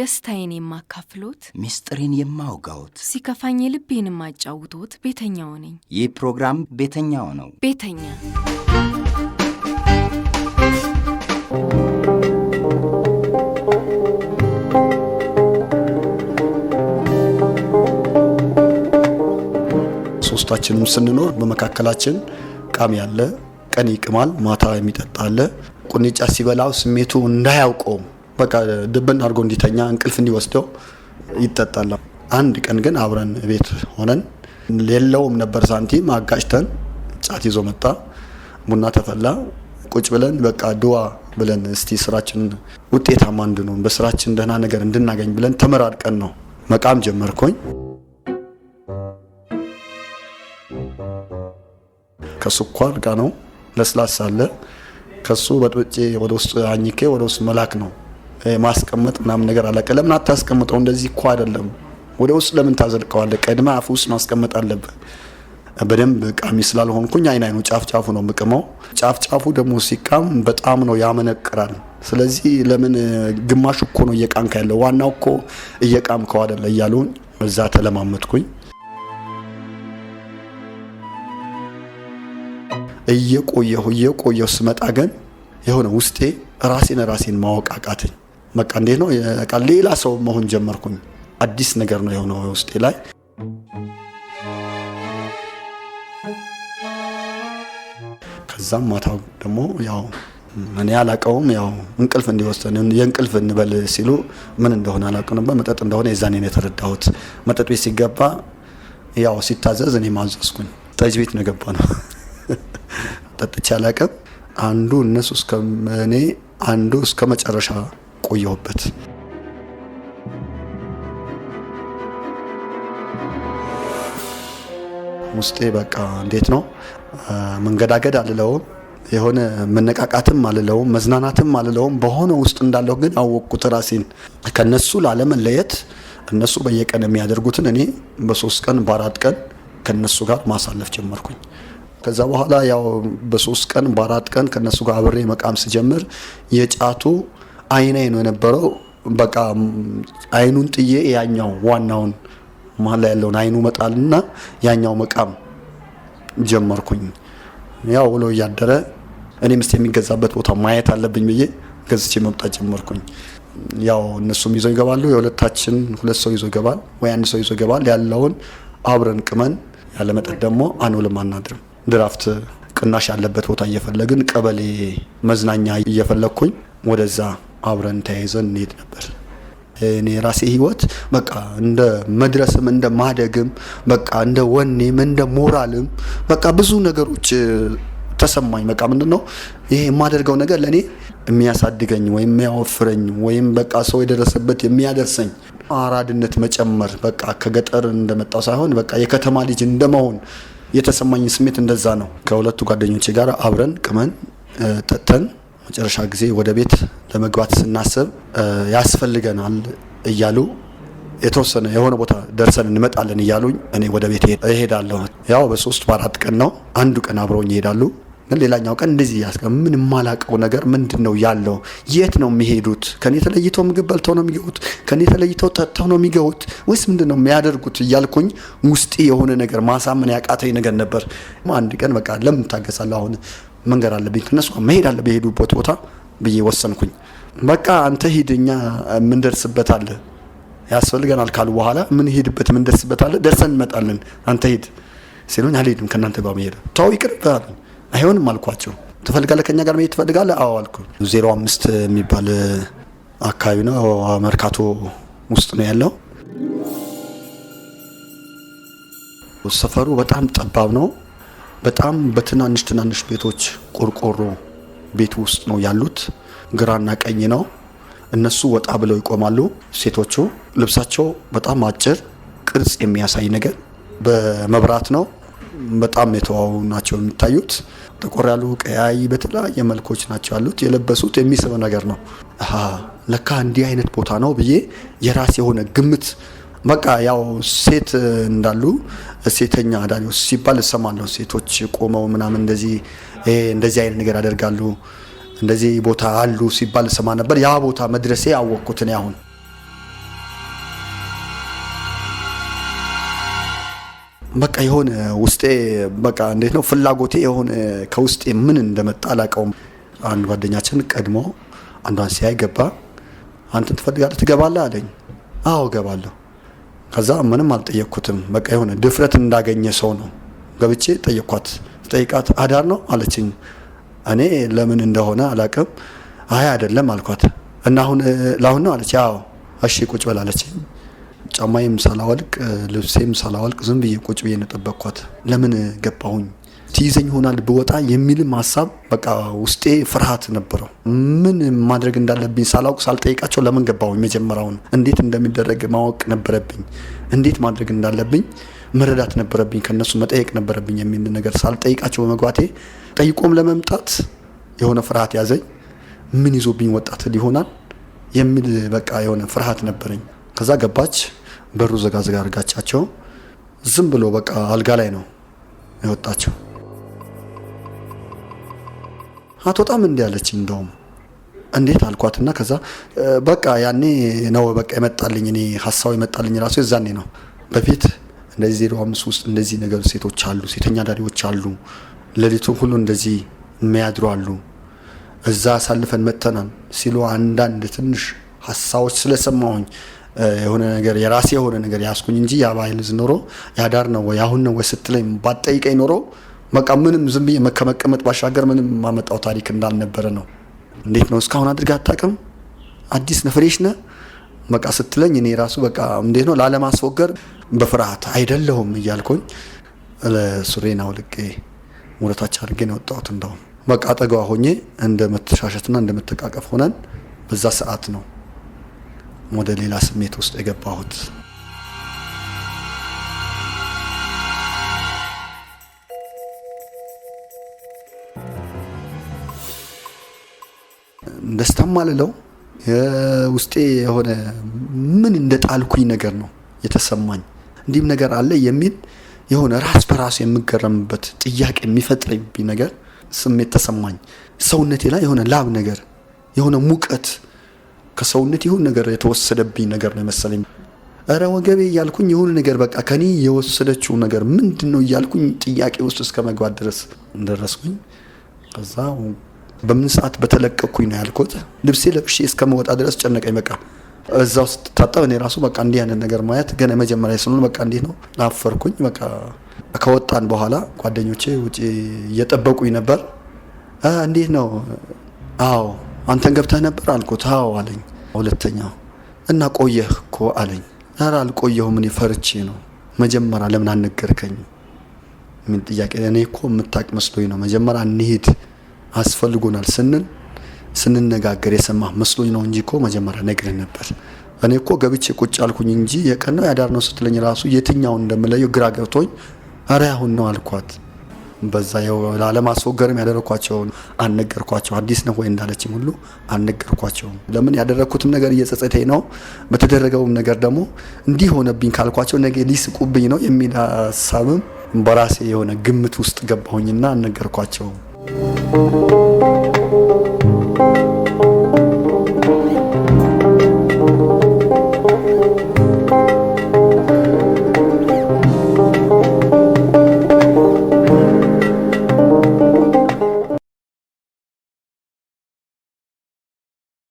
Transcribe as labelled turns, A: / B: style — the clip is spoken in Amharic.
A: ደስታዬን የማካፍሎት፣
B: ምስጢሬን የማውጋዎት፣
A: ሲከፋኝ ልቤን የማጫውቶት ቤተኛው ነኝ።
B: ይህ ፕሮግራም ቤተኛው ነው።
A: ቤተኛ
C: ሶስታችንም ስንኖር በመካከላችን ቃሚ ያለ ቀን ይቅማል፣ ማታ የሚጠጣ አለ። ቁንጫ ሲበላው ስሜቱ እንዳያውቀውም በቃ ድብን አድርጎ እንዲተኛ እንቅልፍ እንዲወስደው ይጠጣል። አንድ ቀን ግን አብረን ቤት ሆነን ሌለውም ነበር ሳንቲም አጋጭተን ጫት ይዞ መጣ። ቡና ተፈላ። ቁጭ ብለን በቃ ድዋ ብለን እስቲ ስራችን ውጤታማ እንድንሆን በስራችን ደህና ነገር እንድናገኝ ብለን ተመራርቀን ነው መቃም ጀመርኩኝ። ከስኳር ጋር ነው ለስላሳ አለ። ከሱ በጥብጬ ወደ ውስጥ አኝኬ ወደ ውስጥ መላክ ነው። ማስቀመጥ ምናምን ነገር አላቀ። ለምን አታስቀምጠው? እንደዚህ እኮ አይደለም። ወደ ውስጥ ለምን ታዘልቀዋለህ? ቀድመ አፍ ውስጥ ማስቀመጥ አለብህ። በደንብ ቃሚ ስላልሆንኩኝ አይን አይኑ ጫፍ ጫፉ ነው የምቅመው። ጫፍ ጫፉ ደግሞ ሲቃም በጣም ነው ያመነቅራል። ስለዚህ ለምን ግማሽ እኮ ነው እየቃምክ ያለው ዋናው እኮ እየቃምከው አይደለ እያሉኝ እዛ ተለማመጥኩኝ። እየቆየሁ እየቆየሁ ስመጣ ግን የሆነ ውስጤ ራሴን ራሴን ማወቅ አቃተኝ። በቃ እንዴት ነው ሌላ ሰው መሆን ጀመርኩኝ። አዲስ ነገር ነው የሆነው ውስጤ ላይ። ከዛም ማታ ደግሞ ያው እኔ አላቀውም ያው እንቅልፍ እንዲወስደን የእንቅልፍ እንበል ሲሉ ምን እንደሆነ አላውቅም ነበር። መጠጥ እንደሆነ የዛኔ ነው የተረዳሁት። መጠጥ ቤት ሲገባ ያው ሲታዘዝ እኔ ማዘዝኩኝ። ጠጅ ቤት ነው የገባ ነው ጠጥቼ አላውቅም። አንዱ እነሱ እስከ እኔ አንዱ እስከ መጨረሻ ቆየሁበት። ውስጤ በቃ እንዴት ነው መንገዳገድ አልለውም፣ የሆነ መነቃቃትም አልለውም፣ መዝናናትም አልለውም። በሆነ ውስጥ እንዳለሁ ግን አወቅኩት ራሴን ከነሱ ላለመለየት። እነሱ በየቀን የሚያደርጉትን እኔ በሶስት ቀን በአራት ቀን ከነሱ ጋር ማሳለፍ ጀመርኩኝ። ከዛ በኋላ ያው በሶስት ቀን በአራት ቀን ከነሱ ጋር አብሬ መቃም ስጀምር የጫቱ አይኔ ነው የነበረው። በቃ አይኑን ጥዬ ያኛው ዋናውን መሀል ላይ ያለውን አይኑ መጣልና ያኛው መቃም ጀመርኩኝ። ያው ውሎ እያደረ እኔ ምስት የሚገዛበት ቦታ ማየት አለብኝ ብዬ ገዝቼ መምጣት ጀመርኩኝ። ያው እነሱም ይዘው ይገባሉ። የሁለታችን ሁለት ሰው ይዞ ይገባል ወይ አንድ ሰው ይዞ ይገባል። ያለውን አብረን ቅመን ያለ ደግሞ አንውልም አናድርም። ድራፍት ቅናሽ ያለበት ቦታ እየፈለግን ቀበሌ መዝናኛ እየፈለግኩኝ ወደዛ አብረን ተያይዘን እንሄድ ነበር። እኔ ራሴ ህይወት በቃ እንደ መድረስም እንደ ማደግም በቃ እንደ ወኔም እንደ ሞራልም በቃ ብዙ ነገሮች ተሰማኝ። በቃ ምንድን ነው ይሄ የማደርገው ነገር ለእኔ የሚያሳድገኝ ወይም የሚያወፍረኝ ወይም በቃ ሰው የደረሰበት የሚያደርሰኝ አራድነት መጨመር በቃ ከገጠር እንደመጣው ሳይሆን በቃ የከተማ ልጅ እንደመሆን የተሰማኝ ስሜት እንደዛ ነው። ከሁለቱ ጓደኞቼ ጋር አብረን ቅመን ጠጥተን መጨረሻ ጊዜ ወደ ቤት ለመግባት ስናስብ ያስፈልገናል እያሉ የተወሰነ የሆነ ቦታ ደርሰን እንመጣለን እያሉኝ እኔ ወደ ቤት እሄዳለሁ። ያው በሶስት በአራት ቀን ነው አንዱ ቀን አብረውኝ ይሄዳሉ። ግን ሌላኛው ቀን እንደዚህ ያስ ምን የማላቀው ነገር ምንድን ነው ያለው? የት ነው የሚሄዱት? ከኔ ተለይተው ምግብ በልተው ነው የሚገቡት? ከኔ ተለይተው ጠጥተው ነው የሚገቡት? ወይስ ምንድን ነው የሚያደርጉት? እያልኩኝ ውስጤ የሆነ ነገር ማሳመን ያቃተኝ ነገር ነበር። አንድ ቀን በቃ ለምን ታገሳለሁ አሁን መንገድ አለብኝ ከነሱ ጋር መሄድ አለ በሄዱበት ቦታ ብዬ ወሰንኩኝ። በቃ አንተ ሂድ፣ እኛ ምንደርስበት አለ ያስፈልገናል ካሉ በኋላ ምን ሄድበት ምንደርስበት አለ ደርሰን እንመጣለን፣ አንተ ሂድ ሲሉኝ አልሄድም ከእናንተ ጋር መሄድ ተው ይቅር አይሆንም አልኳቸው። ትፈልጋለህ ከኛ ጋር መሄድ ትፈልጋለህ? አዎ አልኩ። ዜሮ አምስት የሚባል አካባቢ ነው መርካቶ ውስጥ ነው ያለው። ሰፈሩ በጣም ጠባብ ነው። በጣም በትናንሽ ትናንሽ ቤቶች ቆርቆሮ ቤት ውስጥ ነው ያሉት። ግራና ቀኝ ነው። እነሱ ወጣ ብለው ይቆማሉ። ሴቶቹ ልብሳቸው በጣም አጭር ቅርጽ የሚያሳይ ነገር በመብራት ነው። በጣም የተዋው ናቸው የሚታዩት። ጥቁር ያሉ ቀያይ፣ በተለያየ መልኮች ናቸው ያሉት። የለበሱት የሚስብ ነገር ነው። ለካ እንዲህ አይነት ቦታ ነው ብዬ የራስ የሆነ ግምት በቃ ያው ሴት እንዳሉ ሴተኛ አዳሪዎች ሲባል እሰማለሁ። ሴቶች ቆመው ምናምን እንደዚህ እንደዚህ አይነት ነገር አደርጋሉ እንደዚህ ቦታ አሉ ሲባል እሰማ ነበር። ያ ቦታ መድረሴ አወቅኩት እኔ አሁን በቃ የሆነ ውስጤ በቃ እንዴት ነው ፍላጎቴ የሆነ ከውስጤ ምን እንደመጣ አላውቀውም። አንድ ጓደኛችን ቀድሞ አንዷን ሲያይ ገባ። አንተን ትፈልጋለህ ትገባለህ አለኝ። አዎ እገባለሁ ከዛ ምንም አልጠየቅኩትም። በቃ የሆነ ድፍረት እንዳገኘ ሰው ነው ገብቼ ጠየቅኳት። ጠይቃት አዳር ነው አለችኝ። እኔ ለምን እንደሆነ አላቅም። አይ አይደለም አልኳት እና አሁን ለአሁን ነው አለች። አዎ እሺ ቁጭ በላለች። ጫማዬም ሳላወልቅ ልብሴም ሳላወልቅ ዝም ብዬ ቁጭ ብዬ ነው ለምን ገባሁኝ ትይዘኝ ይሆናል ብወጣ የሚልም ሀሳብ በቃ ውስጤ ፍርሃት ነበረው። ምን ማድረግ እንዳለብኝ ሳላውቅ ሳልጠይቃቸው ለምን ገባው የመጀመሪያውን እንዴት እንደሚደረግ ማወቅ ነበረብኝ። እንዴት ማድረግ እንዳለብኝ መረዳት ነበረብኝ። ከነሱ መጠየቅ ነበረብኝ የሚል ነገር ሳልጠይቃቸው በመግባቴ ጠይቆም ለመምጣት የሆነ ፍርሃት ያዘኝ። ምን ይዞብኝ ወጣት ሊሆናል የሚል በቃ የሆነ ፍርሃት ነበረኝ። ከዛ ገባች፣ በሩ ዘጋዘጋ አድርጋቻቸው ዝም ብሎ በቃ አልጋ ላይ ነው የወጣቸው። አትወጣም እንዲ ያለች እንደውም እንዴት አልኳትና ከዛ በቃ ያኔ ነው በቃ የመጣልኝ እኔ ሀሳቡ የመጣልኝ ራሱ የዛኔ ነው። በፊት እንደዚህ ዜሮ አምስት ውስጥ እንደዚህ ነገር ሴቶች አሉ፣ ሴተኛ ዳሪዎች አሉ፣ ሌሊቱን ሁሉ እንደዚህ የሚያድሩ አሉ፣ እዛ አሳልፈን መጥተናል ሲሉ አንዳንድ ትንሽ ሀሳቦች ስለሰማሁኝ የሆነ ነገር የራሴ የሆነ ነገር ያስኩኝ እንጂ ያ ባህል ኖሮ ያዳር ነው ወይ አሁን ነው ወይ ስትለኝ ባጠይቀኝ ኖሮ በቃ ምንም ዝም ብዬ ከመቀመጥ ባሻገር ምንም የማመጣው ታሪክ እንዳልነበረ ነው። እንዴት ነው እስካሁን አድርገህ አታውቅም? አዲስ ነህ ፍሬሽ ነህ በቃ ስትለኝ እኔ ራሱ በቃ እንዴት ነው ላለማስወገር በፍርሃት አይደለሁም እያልኩኝ ሱሬን አውልቄ ሙረታች አድርጌ ነው ወጣሁት። እንደውም በቃ አጠገዋ ሆኜ እንደመተሻሸትና እንደመተቃቀፍ ሆነን በዛ ሰዓት ነው ወደ ሌላ ስሜት ውስጥ የገባሁት። ደስታም አልለው ውስጤ የሆነ ምን እንደ ጣልኩኝ ነገር ነው የተሰማኝ። እንዲህም ነገር አለ የሚል የሆነ ራስ በራሱ የምገረምበት ጥያቄ የሚፈጥርብኝ ነገር ስሜት ተሰማኝ። ሰውነቴ ላይ የሆነ ላብ ነገር የሆነ ሙቀት ከሰውነት ይሁን ነገር የተወሰደብኝ ነገር ነው የመሰለኝ። እረ ወገቤ እያልኩኝ የሆነ ነገር በቃ ከኔ የወሰደችው ነገር ምንድን ነው እያልኩኝ ጥያቄ ውስጥ እስከ መግባት ድረስ ደረስኩኝ። ከዛ በምን ሰዓት በተለቀኩኝ ነው ያልኩት። ልብሴ ለብሼ እስከመወጣ ድረስ ጨነቀኝ። በቃ ውስጥ ስትታጠብ እኔ ራሱ በቃ እንዲህ ያንን ነገር ማየት ገና መጀመሪያ ስለሆነ በቃ እንዲህ ነው ናፈርኩኝ። በቃ ከወጣን በኋላ ጓደኞቼ ውጭ እየጠበቁኝ ነበር። እንዴት ነው? አዎ አንተን ገብተህ ነበር አልኩት። አዎ አለኝ። ሁለተኛው እና ቆየህ እኮ አለኝ። ኧረ አልቆየሁም እኔ ፈርቼ ነው። መጀመሪያ ለምን አልነገርከኝ? ምን ጥያቄ እኔ እኮ የምታቅ መስሎኝ ነው። መጀመሪያ እንሂድ አስፈልጎናል ስንል ስንነጋገር የሰማህ መስሎኝ ነው እንጂ እኮ መጀመሪያ ነግሬህ ነበር። እኔ እኮ ገብቼ ቁጭ አልኩኝ እንጂ የቀን ነው ያዳር ነው ስትለኝ ራሱ የትኛውን እንደምለየው ግራ ገብቶኝ ኧረ አሁን ነው አልኳት። በዛ ላለማስወገርም ያደረግኳቸውን አልነገርኳቸው። አዲስ ነው ወይ እንዳለችም ሁሉ አልነገርኳቸውም። ለምን ያደረግኩትም ነገር እየጸጸቴ ነው። በተደረገውም ነገር ደግሞ እንዲህ ሆነብኝ ካልኳቸው ነገ ሊስቁብኝ ነው የሚል ሀሳብም በራሴ የሆነ ግምት ውስጥ ገባሁኝና አልነገርኳቸውም። Música